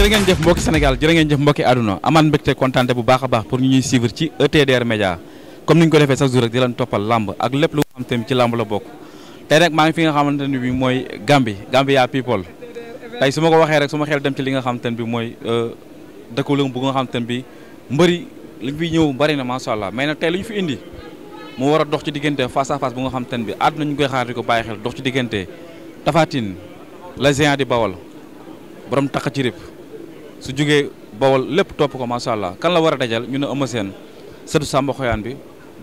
jërëngën jëf mbokk Sénégal jërëngën jëf mbokk aduna amaan mbégte contenté bu baaxa baax pour ñu ñuy suivre ci ETDR Média comme niñ ko défé chaque jour rek di lan topal lamb ak lepp lu am tém ci lamb la bok tay rek ma ngi fi nga xamanteni bi moy Gambie Gambia people tay suma ko waxé rek suma xel dem ci li nga xamanteni bi bi euh dëkku lu bu nga xamanteni bi mbeuri li fi ñew bari na sha allah mais na tay luñ fi indi mu war dox ci digënté face à face bu nga xamanteni bi aduna ñu koy xaar diko baye xel dox ci digënté tafatine la géant di Bawol borom tak ci su jugee bawol lépp topp ko macha allah kan la war a dajal ñu ne seen Sène sëtu Samba Xoyaan bi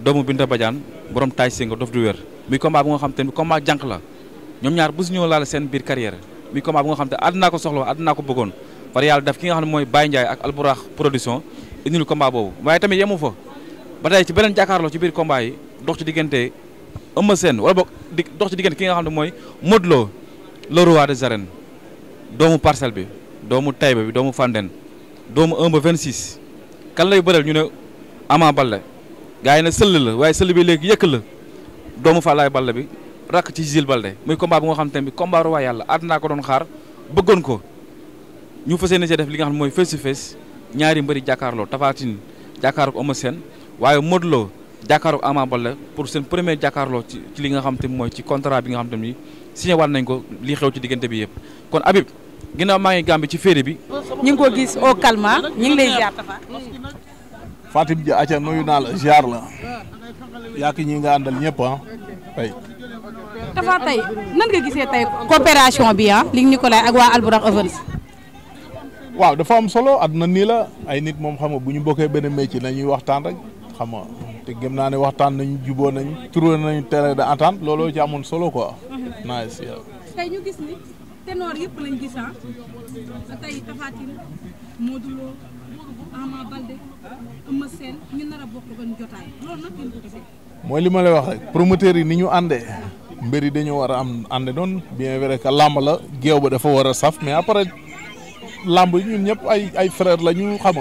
doomu Binta Badiane borom taay si nga dof du wér muy combat bu nga xam te ni combat jànq la ñoom ñaar bu su ñëw laal seen biir carrière muy combat bu nga xam te àddinaa ko soxla àddinaa ko bëggoon war yàlla def ki nga xam ne mooy Baye Ndiaye ak Alburax production indil combat boobu waaye tamit yemu fa ba tey ci beneen jàkkaarloo ci biir combat yi dox ci diggante Eumeu Sène wala boog di ki nga xam ne mooy Modou Lo le roi des arènes doomu bi doomu Taïba bi doomu Fandène doomu 1 vingt 26 kan lay bëreel ñu ne Ama Baldé gars yi ne sëll la waaye sëll bi léegi yëkk la doomu Falaye Baldé bi rakk ci Gilles Baldé muy combat bu nga xam te bi combat roi yàlla àddinaa ko doon xaar bëggoon ko ñu fas yéene see def li nga xam ne mooy face to ñaari mbëri jàkkaarloo Tapha Tine jàkkaarloo Eumeu seen waaye Modou Lo jàkkaarloo Ama Baldé pour seen premier jàkkaarloo ci ci li nga xam te mooy ci contrat bi nga xam te ni signé waat nañ ko li xew ci diggante bi yëpp ginnaaw maa ngi Gambie ci féere bi. ñu ngi ko gis au calme ñu ngi lay ziar. Fatim Dia aca nuyu naa la ziar ñi nga àndal ñëpp ah. tey. Tafa tey nan nga gisee tey coopération bi ah li ñu ak waa Alburax Events. waaw dafa am solo àdduna na nila ay nit moom xam nga bu ñu bokkee benn métier nañuy waxtaan rek xam nga te gëm naa ne waxtaan nañu juboo nañu trouvé nañu terrain d'entente looloo ci amoon solo ko mhm. nice. tey ñu ténor yëpp lañu gis han ah. tay tafatine modulo Modou Lo Ama Baldé Eumeu Sène ñu nara a bokk gën jotay lool nak ñu ko moy mooy li ma lay wax rek promoteur yi ni ñu andé mbéri dañu wara am andé non bien vrai que lamb la gëw ba dafa wara saf mais après lamb yi ñun ñëpp ay ay frère lañu ñu xam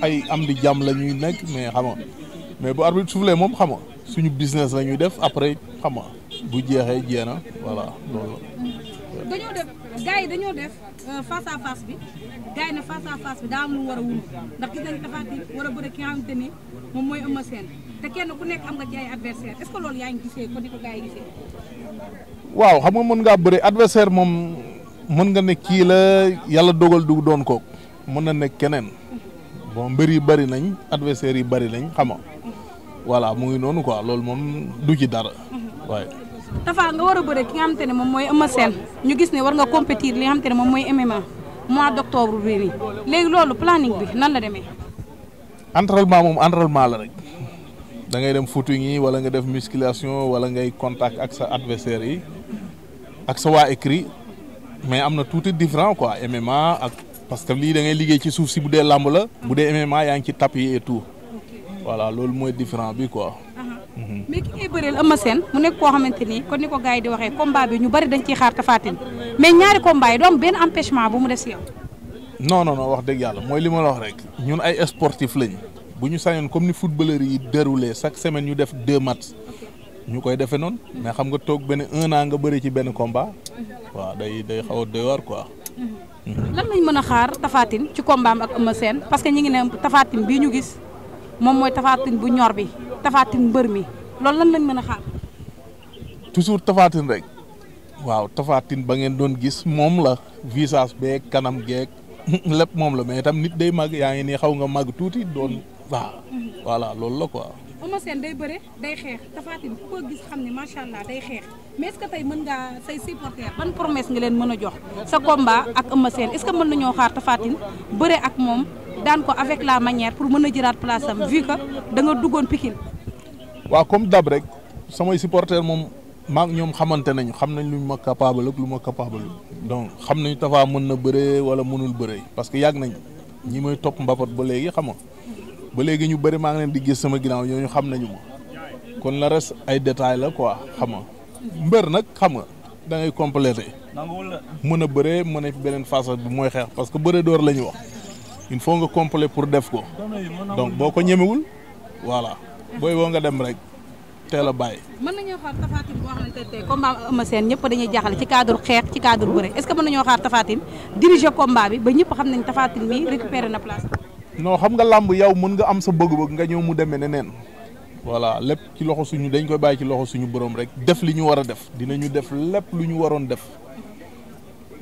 ay am di jam lañuy nek mais xam nga mais bu arbitre soufflé mom xam nga suñu business lañuy def après xam nga bu jéxé jéna voilà lool dañoo def gars yi dañoo def euh, face à bi gars yi ne face à bi daa am war a wund ndax gis nañu Tapha war a bëre ki nga xamante nga ci ay est ce que loolu yaa ngi gisee ko ni ko gars yi gisee. waaw xam nga mën ngaa bëre adversaire moom mën nga nekk kii la yàlla dogal du doon ko mën na nekk keneen bon mbër yi bari nañ adversaire yi bari nañ xam nga voilà mu ngi noonu ko lool moom du ci dara mhm. dafa nga wara beure ki nga xamantene mom moy Eumeu Sen ñu gis ne war nga compétir li nga xamantene mom moy MMA mois d'octobre bi ni légui lolu planning bi nan la démé entraînement mom entraînement la rek da ngay dem footing yi wala nga def musculation wala ngay contact ak sa adversaire yi ak sa wa écrit mais amna na différent quoi MMA ak parce que li da ngay liggéey ci souf si boudé lamb la boudé MMA yaa ngi ci tapis et tout voilà lolu moy différent bi quoi Mm-hmm. mais ki ngay bëreel Eumeu Sène mu nekk koo xamante ni kon ni ko gars yi di waxee combat bi ñu bari dañ ciy xaar Tapha Tine mais ñaari combat yi du am benn empêchement bu mu non non non wax dëgg yàlla mooy li ma la wax rek ñun ay sportif lañu bu ñu sañoon comme ni footballeur yi déroulé chaque semaine ñu def deux matchs ñu koy defee noon mais xam nga toog benn un an nga bëri ci benn combat waaw day day xaw a war waar quoi. lan lañ mën a xaar tafaatin Tine ci combat am ak Eumeu Sène parce que ñu ngi ne tafaatin Tine bii ñu gis. mom moy tafatine bu ñor bi tafatine mbeur mi lool lan lañ mëna xaar. toujours tafatine rek waaw tafatine ba ngeen doon gis mom la visage be kanam geek lepp mom la mais tam nit day magi yaangi ni xaw nga tuti don, doon wa voilà lool la quoi. Eumeu Sen day beure day xex tafatine ko gis xamni ma sha allah day xex mais est-ce que tay meun nga say supporter ban promesse nga len meuna jox sa combat ak Eumeu Sen est-ce que meun nañu xaar tafatine beure ak mom daan ko avec la manière pour mën a jëlaat place am vu que da nga duggoon Pikine. wa comme dab rek samay mom ma maak ñom xamanté nañu xam nañ lu ma capable ak lu ma capable donc xam nañu Tapha mën na wala mënul bëree parce que yàgg nañ ñi may top mbapat ba légui xam ba légui ñu bëri ma ngi leen di gis sama ginaaw ñoo xam nañu ma kon la res ay détails la quoi xam nga mbër nag xam nga da ngay compléter mën a bëree fi benen face bi moy xex parce que bëre door lañu wax il nga complet pour def ko donc boo ko ñemewul voilà booy boo nga dem rek teel a bàyyi. mën nañoo xaar Tafatine boo xamante ne tey combat ñëpp dañuy jaaxle ci cadre xeex ci cadre bëre est-ce que mën nañoo xaar Tafatine diriger combat bi ba ñëpp xam nañ Tafatine mi récupéré na place. noo xam nga làmb yow mën nga am sa bëgg-bëgg nga ñëw mu demee ne neen voilà lépp ci loxo suñu dañ koy bàyyi ci loxo suñu borom rek def li ñu war a def dinañu def lépp lu ñu waroon def.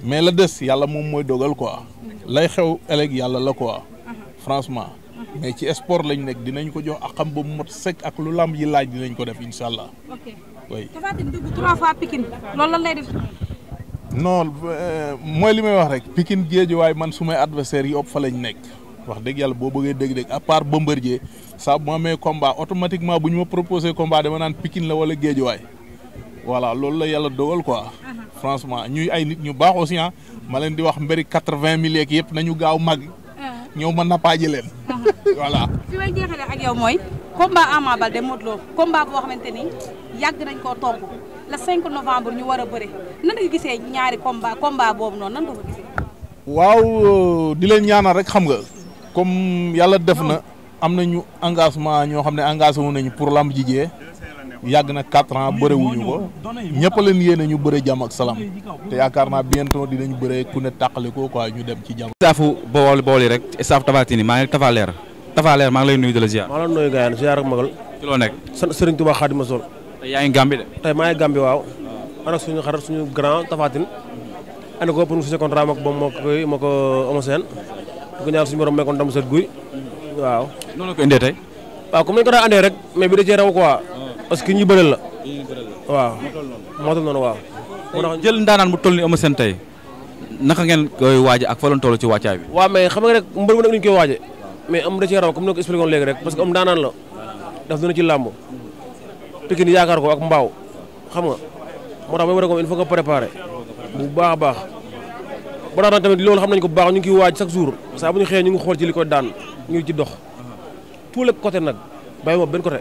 mais la dess yalla mom moy dogal quoi mhm. lay xew ëllëg yalla la quoi mhm. franchement mhm. mais ci sport lañ nek dinañ ko jox akam bu mot sec ak lu lamb yi laaj dinañ ko def inshallah ok oui tafa trois fois pikin loolu lan lay def non euh, moy limay wax rek pikin géeju way man sumay adversaire yi op fa lañ nek wax deug yalla bo beugé deug deug à part Bombardier saa bu ma amee combat automatiquement buñ ma proposer combat dama nan pikin la wala way voilà loolu la yalla dogal quoi franchement ñuy ay nit ñu baax aussi ah ma leen di wax mbëri quatre-vingt mille yeeg yëpp nañu gaaw mag ah. ñëw mën na paaje leen ah. voilà. fi may jeexalee ak yow mooy combat Ama Baldé Modou Lo combat boo xamante ni a boobu noonu nan nga gisee. waaw euh, di leen ñaanal rek xam nga comme yàlla def na oh. am nañu engagement ñoo xam ne engagé wu nañu pour lamb ji jee yag na 4 ans beure wuñu ko ñëpp leen yéene ñu beure jam ak salam te yakarna naa bientôt dinañ beure ku ne tàqale ko quoi ñu dem ci jam safu bool booli rek staff tabatini ma ngi tafaler tafaleer ma ngi lay nuyu de la ziar. ma la nuyu gaay ziar ak magal. ci lo nek Serigne Touba Xaadimu Rasuul. tey yaay gambi de. tey maa ngi waaw. ana suñu xar suñu grand tafatin. ana ko pour suñu contrat mak bom mako mako moo ko ko suñu borom meekoon dam seut guy. waaw. noonu la ko indee tay waaw comme ni ko da andé rek mais bi da ci raw quoi parce que ñu bëreel la. waaw moo toll noonu waaw. moo tax jël ndaanaan bu toll ni Eumeu Sène tey naka ngeen koy waaje ak fa la toll ci wàccaay bi. waaw mais xam nga rek mbër bu nekk ni ñu koy waaje mais am da ci yaram comme ni ko expliqué woon léegi rek parce que am ndaanaan la daf dina ci làmb Pikine yaakaar ko ak mbaaw xam nga moo tax ba pare comme il faut nga préparer bu baax a baax ba tax tamit loolu xam nañ ko bu baax ñu ngi koy waaj chaque jour saa bu ñu xëyee ñu ngi xool ci li koy daan ñu ngi ci dox tout le côté nag bàyyi ma benn côté.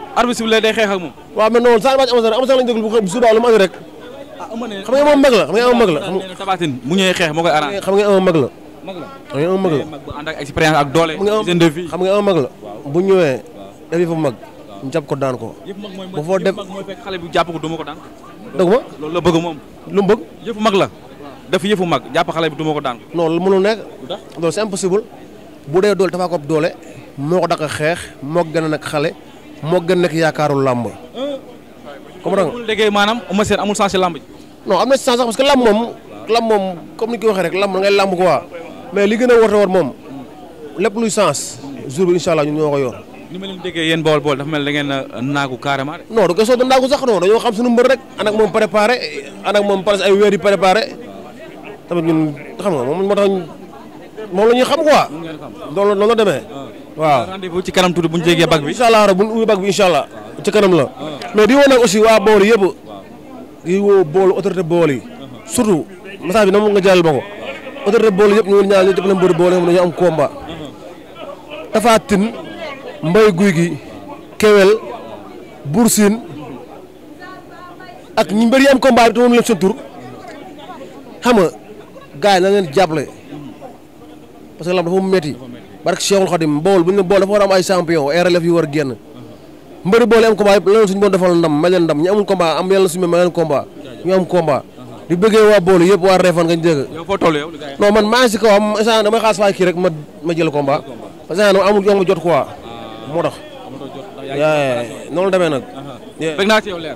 arbitre bi lay day xeex ak moom waaw mais noonu sa baaj amsa amsa lañu déglu bu suba lu mu andi rek ah, xam nga moom mag la xam nga am mag la bu ñëwee xeex ak expérience ak doole xam nga am la bu ñëwee def yëfu mag jàpp ko daan ko bu foo def xale bi jàpp ko duma ko daan loolu la lu mu bëgg la daf yëfu mag jàpp xale bi duma ko daan non loolu mënul nekk loolu c'est impossible bu dee doole dafa ko doole moo ko daq xeex moo ko gën a nag xale moo gën nekk yaakaaru làmb. comme da nga ko déggee maanaam Eumeu Sène amul sens si làmb ji. moom. làmb moom comme ni la waxee rek làmb ngay làmb quoi mais li gën a war a war moom lépp luy sens jour bi incha allah ñun ñoo ko yor. ni ma leen déggee yéen bool bool dafa mel a a naagu xam suñu mbër rek ànd xam nga moom la ñuy xam quoi. loolu la demee. Ah. waaw rendez-vous ci kanam tuuti bu ñu jégee bag bi. incha allah rek bu ñu ubbi bag bi incha allah ci kanam la. Ah. mais di woo nag aussi waa bool yëpp. di woo boolu autorité bool yi. surtout message bi na mu nga jàll ba ko. autorité bool yëpp ñu ngi ñaan ñu jëpp na mbër bool yi dañoo am combat. Ah. Tapha Tine Mbaye Gouye Gui Kewel Bour Sine ak ñi mbër yi am combat bi te moom leen seen tur xam nga gars yi na leen jàppale parce que lam dafa mu metti barke Cheikhul Khadim Bawol bu ñu ne Bawol dafa war a am ay champion ay relève yu war a génn mbëri Bawol yi am combat yëpp la leen suñu doon defal ndam mel leen ndam ñu amul combat am yàlla suñu mel leen combat ñu am combat di bëggee waa Bawol yëpp waa Réfane nga ñu dégg man maa si kawam instant xaas faa kii ma jël combat parce que dama amul yomb jot ah. demee nag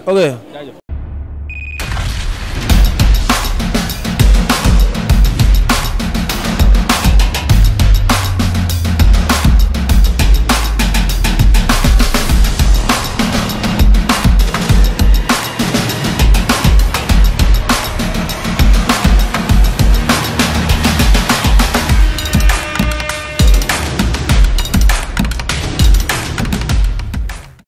ok